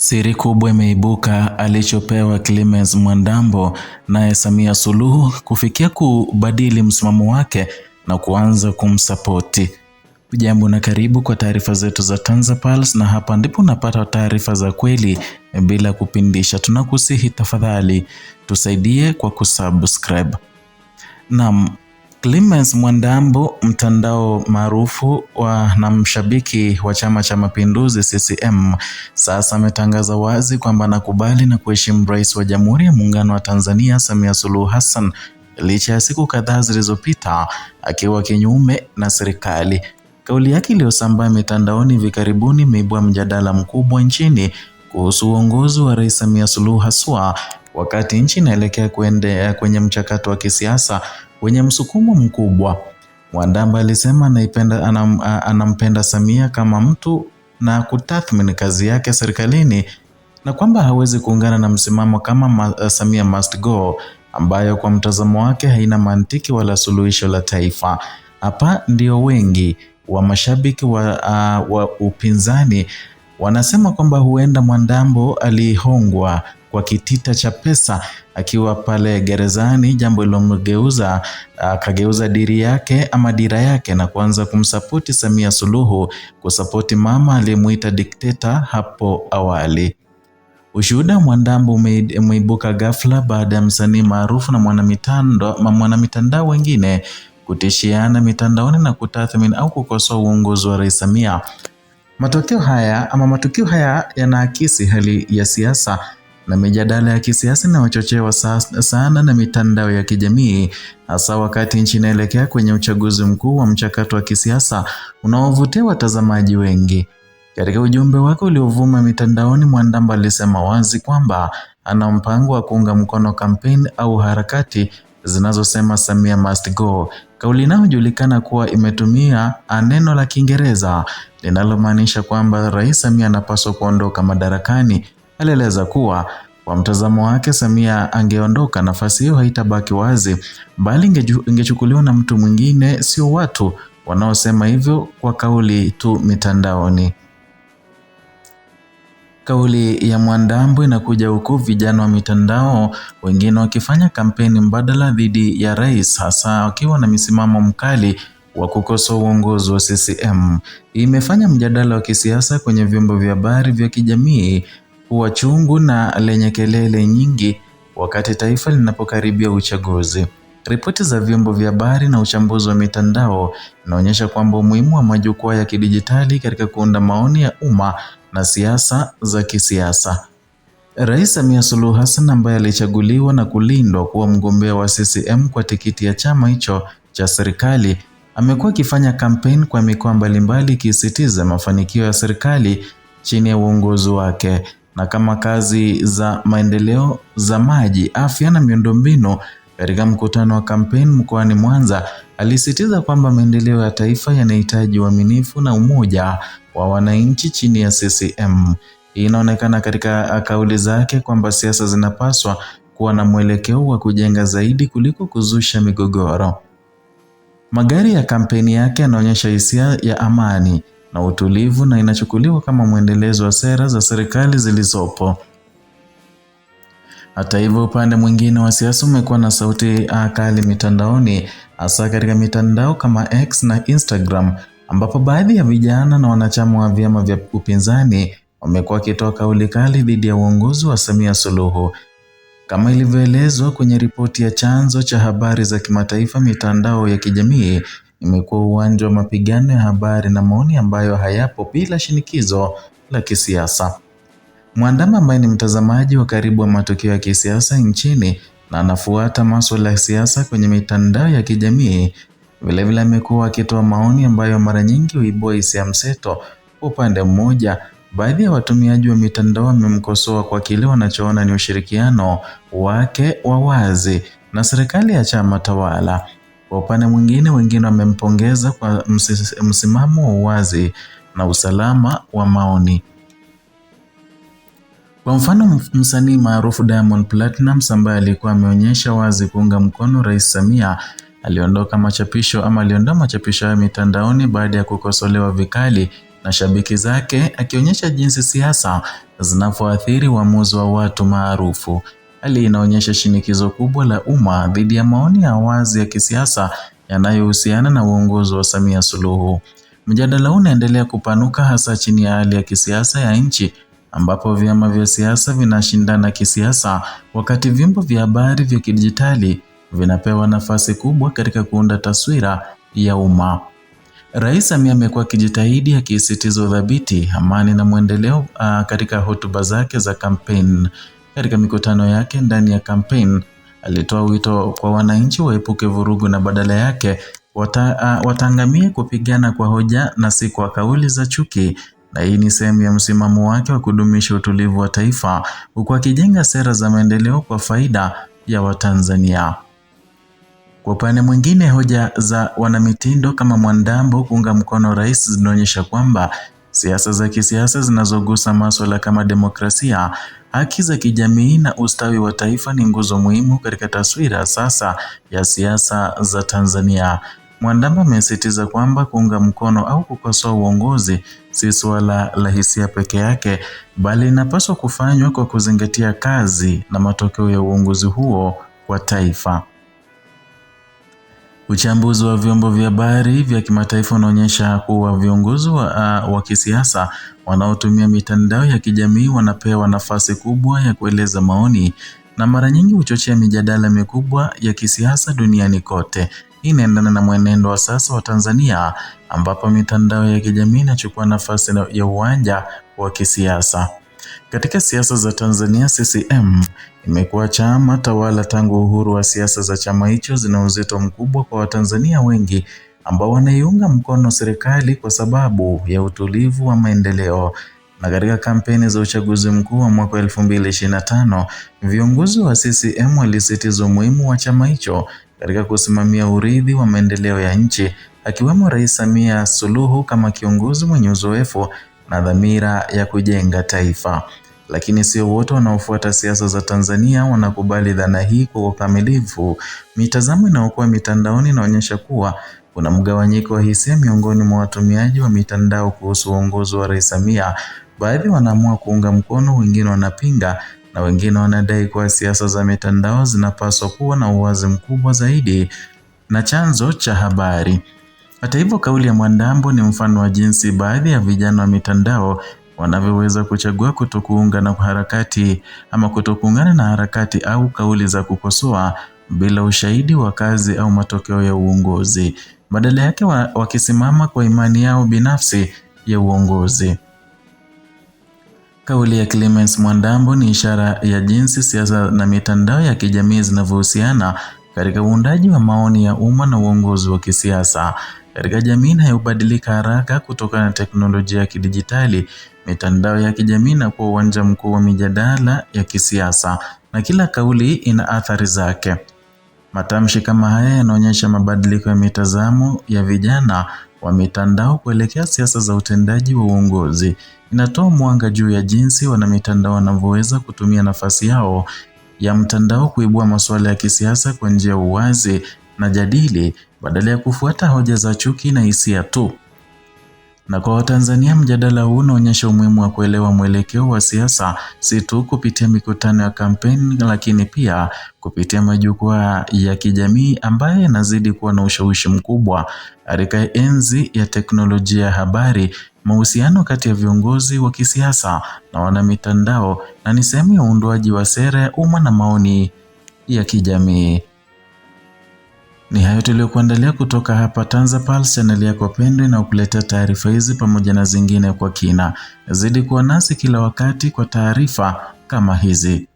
Siri kubwa imeibuka alichopewa Clemens Mwandambo naye Samia Suluhu kufikia kubadili msimamo wake na kuanza kumsapoti. Jambo na karibu kwa taarifa zetu za TanzaPulse, na hapa ndipo unapata taarifa za kweli bila kupindisha. Tunakusihi tafadhali tusaidie kwa kusubscribe. Naam. Clemens Mwandambo, mtandao maarufu wa na mshabiki wa Chama cha Mapinduzi CCM, sasa ametangaza wazi kwamba anakubali na kuheshimu Rais wa Jamhuri ya Muungano wa Tanzania Samia Suluhu Hassan, licha ya siku kadhaa zilizopita akiwa kinyume na serikali. Kauli yake iliyosambaa mitandaoni hivi karibuni imeibua mjadala mkubwa nchini kuhusu uongozi wa Rais Samia Suluhu haswa wakati nchi inaelekea kuendea kwenye mchakato wa kisiasa wenye msukumo mkubwa. Wandamba alisema anaipenda, anam, anampenda Samia kama mtu na kutathmini kazi yake serikalini na kwamba hawezi kuungana na msimamo kama ma, eh, Samia must go ambayo kwa mtazamo wake haina mantiki wala suluhisho la taifa. Hapa ndio wengi wa mashabiki wa, uh, wa upinzani wanasema kwamba huenda Mwandambo alihongwa kwa kitita cha pesa akiwa pale gerezani, jambo lilomgeuza akageuza diri yake ama dira yake na kuanza kumsapoti Samia Suluhu, kusapoti mama aliyemuita dikteta hapo awali. Ushuhuda mwandambo umeibuka ghafla baada ya msanii maarufu na mwanamitandao wengine kutishiana mitandaoni na kutathmini au kukosoa uongozi wa Rais Samia. Matokeo haya ama matukio haya yanaakisi hali ya siasa na mijadala ya kisiasa inayochochewa sana na mitandao ya kijamii, hasa wakati nchi inaelekea kwenye uchaguzi mkuu wa mchakato wa kisiasa unaovutia watazamaji wengi. Katika ujumbe wake uliovuma mitandaoni, Mwandambo alisema wazi kwamba ana mpango wa kuunga mkono kampeni au harakati zinazosema Samia must go, kauli inayojulikana kuwa imetumia neno la Kiingereza linalomaanisha kwamba Rais Samia anapaswa kuondoka madarakani alieleza kuwa kwa mtazamo wake, Samia angeondoka, nafasi hiyo haitabaki wazi, bali ingechukuliwa na mtu mwingine, sio watu wanaosema hivyo kwa kauli tu mitandaoni. Kauli ya Mwandambo inakuja huku vijana wa mitandao wengine wakifanya kampeni mbadala dhidi ya rais, hasa wakiwa na misimamo mkali wa kukosoa uongozi wa CCM. Imefanya mjadala wa kisiasa kwenye vyombo vya habari vya kijamii huwa chungu na lenye kelele nyingi wakati taifa linapokaribia uchaguzi. Ripoti za vyombo vya habari na uchambuzi wa mitandao inaonyesha kwamba umuhimu wa majukwaa ya kidijitali katika kuunda maoni ya umma na siasa za kisiasa. Rais Samia Suluhu Hassan ambaye alichaguliwa na kulindwa kuwa mgombea wa CCM kwa tikiti ya chama hicho cha serikali amekuwa akifanya kampeni kwa mikoa mbalimbali ikisisitiza mafanikio ya serikali chini ya uongozi wake na kama kazi za maendeleo za maji, afya na miundombinu. Katika mkutano wa kampeni mkoani Mwanza, alisisitiza kwamba maendeleo ya taifa yanahitaji uaminifu na umoja wa wananchi chini ya CCM. Hii inaonekana katika kauli zake kwamba siasa zinapaswa kuwa na mwelekeo wa kujenga zaidi kuliko kuzusha migogoro. Magari ya kampeni yake yanaonyesha hisia ya amani na utulivu na inachukuliwa kama mwendelezo wa sera za serikali zilizopo. Hata hivyo, upande mwingine wa siasa umekuwa na sauti kali mitandaoni, hasa katika mitandao kama X na Instagram, ambapo baadhi ya vijana na wanachama wa vyama vya upinzani wamekuwa wakitoa kauli kali dhidi ya uongozi wa Samia Suluhu. Kama ilivyoelezwa kwenye ripoti ya chanzo cha habari za kimataifa mitandao ya kijamii imekuwa uwanja wa mapigano ya habari na maoni ambayo hayapo bila shinikizo la kisiasa. Mwandama ambaye ni mtazamaji wa karibu wa matukio ya kisiasa nchini na anafuata masuala ya siasa kwenye mitandao ya kijamii, vilevile amekuwa akitoa maoni ambayo mara nyingi huibua hisia mseto upande mmoja. Baadhi ya watumiaji wa mitandao wamemkosoa kwa kile wanachoona ni ushirikiano wake wa wazi na serikali ya chama tawala. Kwa upande mwingine, wengine wamempongeza kwa msimamo wa uwazi na usalama wa maoni. Kwa mfano, msanii maarufu Diamond Platnumz ambaye alikuwa ameonyesha wazi kuunga mkono Rais Samia aliondoka machapisho ama aliondoa machapisho hayo mitandaoni baada ya kukosolewa vikali na shabiki zake, akionyesha jinsi siasa zinavyoathiri uamuzi wa watu maarufu. Hali inaonyesha shinikizo kubwa la umma dhidi ya maoni ya wazi ya kisiasa yanayohusiana na uongozi wa Samia Suluhu. Mjadala unaendelea kupanuka hasa chini ya hali ya kisiasa ya nchi ambapo vyama vya siasa vinashindana kisiasa wakati vyombo vya habari vya kidijitali vinapewa nafasi kubwa katika kuunda taswira ya umma. Rais Samia amekuwa akijitahidi akisisitiza udhabiti, amani na mwendeleo katika hotuba zake za kampeni. Katika mikutano yake ndani ya kampeni, alitoa wito kwa wananchi waepuke vurugu na badala yake wata, uh, wataangamie kupigana kwa hoja na si kwa kauli za chuki na hii ni sehemu ya msimamo wake wa kudumisha utulivu wa taifa huku akijenga sera za maendeleo kwa faida ya Watanzania. Kwa upande mwingine, hoja za wanamitindo kama Mwandambo kuunga mkono rais zinaonyesha kwamba siasa za kisiasa zinazogusa masuala kama demokrasia, haki za kijamii na ustawi wa taifa ni nguzo muhimu katika taswira sasa ya siasa za Tanzania. Mwandama amesisitiza kwamba kuunga mkono au kukosoa uongozi si suala la hisia peke yake, bali inapaswa kufanywa kwa kuzingatia kazi na matokeo ya uongozi huo kwa taifa. Uchambuzi wa vyombo vya habari vya kimataifa unaonyesha kuwa viongozi wa, wa kisiasa wanaotumia mitandao ya kijamii wanapewa nafasi kubwa ya kueleza maoni na mara nyingi huchochea mijadala mikubwa ya kisiasa duniani kote. Hii inaendana na mwenendo wa sasa wa Tanzania ambapo mitandao ya kijamii inachukua nafasi ya uwanja wa kisiasa. Katika siasa za Tanzania, CCM imekuwa chama tawala tangu uhuru wa siasa za chama hicho zina uzito mkubwa kwa Watanzania wengi ambao wanaiunga mkono serikali kwa sababu ya utulivu wa maendeleo. Na katika kampeni za uchaguzi mkuu wa mwaka 2025, viongozi wa CCM walisisitiza umuhimu wa chama hicho katika kusimamia urithi wa maendeleo ya nchi, akiwemo Rais Samia Suluhu kama kiongozi mwenye uzoefu na dhamira ya kujenga taifa. Lakini sio wote wanaofuata siasa za Tanzania wanakubali dhana hii kwa ukamilifu. Mitazamo inayokuwa mitandaoni inaonyesha kuwa kuna mgawanyiko wa hisia miongoni mwa watumiaji wa mitandao kuhusu uongozi wa Rais Samia. Baadhi wanaamua kuunga mkono, wengine wanapinga na wengine wanadai kuwa siasa za mitandao zinapaswa kuwa na uwazi mkubwa zaidi na chanzo cha habari. Hata hivyo kauli ya Mwandambo ni mfano wa jinsi baadhi ya vijana wa mitandao wanavyoweza kuchagua kutokuunga na harakati ama kutokuungana na harakati au kauli za kukosoa bila ushahidi wa kazi au matokeo ya uongozi, badala yake wakisimama kwa imani yao binafsi ya uongozi. Kauli ya Clemens Mwandambo ni ishara ya jinsi siasa na mitandao ya kijamii zinavyohusiana katika uundaji wa maoni ya umma na uongozi wa kisiasa. Katika jamii inayobadilika haraka kutokana na teknolojia ya kidijitali, mitandao ya kijamii inakuwa uwanja mkuu wa mijadala ya kisiasa na kila kauli ina athari zake. Matamshi kama haya yanaonyesha mabadiliko ya mitazamo ya vijana wa mitandao kuelekea siasa za utendaji wa uongozi. Inatoa mwanga juu ya jinsi wanamitandao wanavyoweza kutumia nafasi yao ya mtandao kuibua masuala ya kisiasa kwa njia ya uwazi na jadili badala ya kufuata hoja za chuki na hisia tu. Na kwa Watanzania, mjadala huu unaonyesha umuhimu wa kuelewa mwelekeo wa siasa si tu kupitia mikutano ya kampeni, lakini pia kupitia majukwaa ya kijamii ambayo yanazidi kuwa na ushawishi mkubwa katika enzi ya teknolojia ya habari. Mahusiano kati ya viongozi wa kisiasa na wanamitandao na ni sehemu ya uundwaji wa sera ya umma na maoni ya kijamii. Ni hayo tuliyokuandalia kutoka hapa TanzaPulse, chaneli yako pendwa inayokuletea taarifa hizi pamoja na zingine kwa kina. Zidi kuwa nasi kila wakati kwa taarifa kama hizi,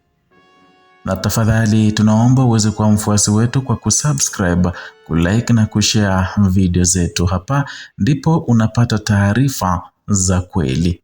na tafadhali tunaomba uweze kuwa mfuasi wetu kwa kusubscribe, kulike na kushare video zetu. Hapa ndipo unapata taarifa za kweli.